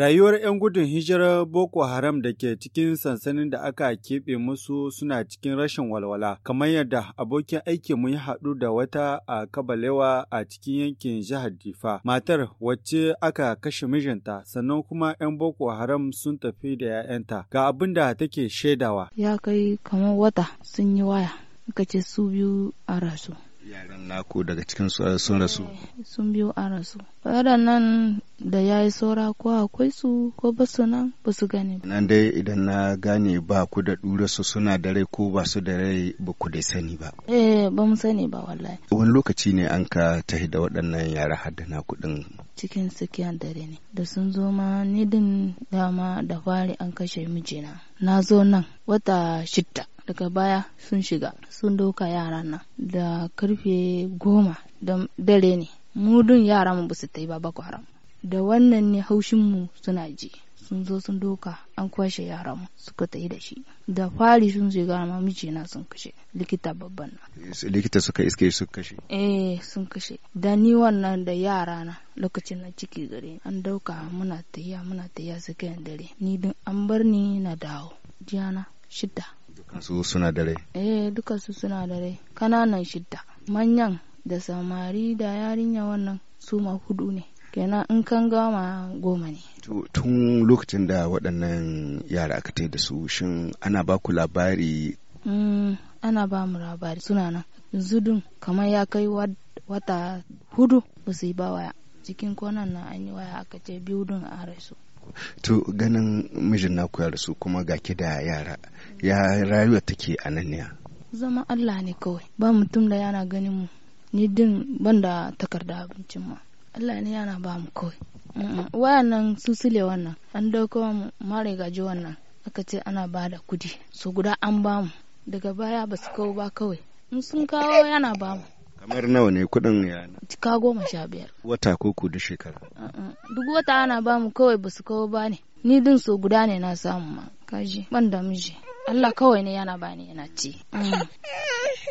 Rayuwar 'yan gudun hijirar Boko Haram da ke cikin sansanin da aka keɓe musu suna cikin rashin walwala, kamar yadda abokin aiki mun haɗu da wata a Kabalewa a cikin yankin jihar Difa. Matar wacce aka kashe mijinta, sannan kuma 'yan Boko Haram sun tafi da 'ya'yanta. Ga abin da take shaidawa. Ya kai kamar wata sun yi waya, ka ce su biyu a rasu. yaran naku daga cikin eh, sun rasu eh, sun biyu a rasu waɗannan da ya yi saura ko akwai su ko ba su nan ba su gane nan dai idan na gane ba ku da ɗura su suna da rai ko ba su da rai ba ku dai sani ba eh ba mu sani ba wallahi wani lokaci ne an ka tahi da waɗannan yara har da naku din cikin sukiya dare ne da sun zo ma ni din dama da fari an kashe mijina na zo nan wata shidda daga baya sun shiga sun doka yaran nan da karfe goma da dare ne mudun yara yaran mu basu ta yi ba boko da wannan ne haushin mu suna ji sun zo sun doka an kwashe yara mu suka ta yi da shi da fari sun gara ma na sun kashe likita babban na likita suka iske sun kashe eh sun kashe da ni wannan da yara na lokacin na ciki gare an dauka muna tayya muna tayya suka dare ni din an bar ni na dawo jiyana shida Dukansu suna da rai? Eh, dukansu suna da rai. Kananan shidda. Manyan da samari da yarinya wannan su ma hudu ne. kenan in kan gama goma ne. Tun lokacin da waɗannan yara aka ta da su shin ana ba ku labari? Mm, ana ba mu labari suna nan. Zudun kamar ya kai wata hudu ba su yi ba waya. Cikin konan nan an yi waya aka ce biyu dun a rasu. to ganin mijin naku ya rasu kuma ga da yara ya rayuwa take a nan ne zama Allah ne kawai ba mutum da yana ganin mu ni din ban da takarda abincin ma Allah ne yana ba mu kawai wayannan su sule wannan an dauko mu mare gaji wannan aka ce ana ba da kudi su guda an ba mu daga baya ba su kawo ba kawai in sun kawo yana ba mu kamar nawa ne kuɗin yana cika goma sha biyar wata koko shekara duk wata ana ba mu kawai ba su kawo ba ne ni din so guda ne na samu ma kaji ban da miji Allah kawai ne yana ne yana ci mm.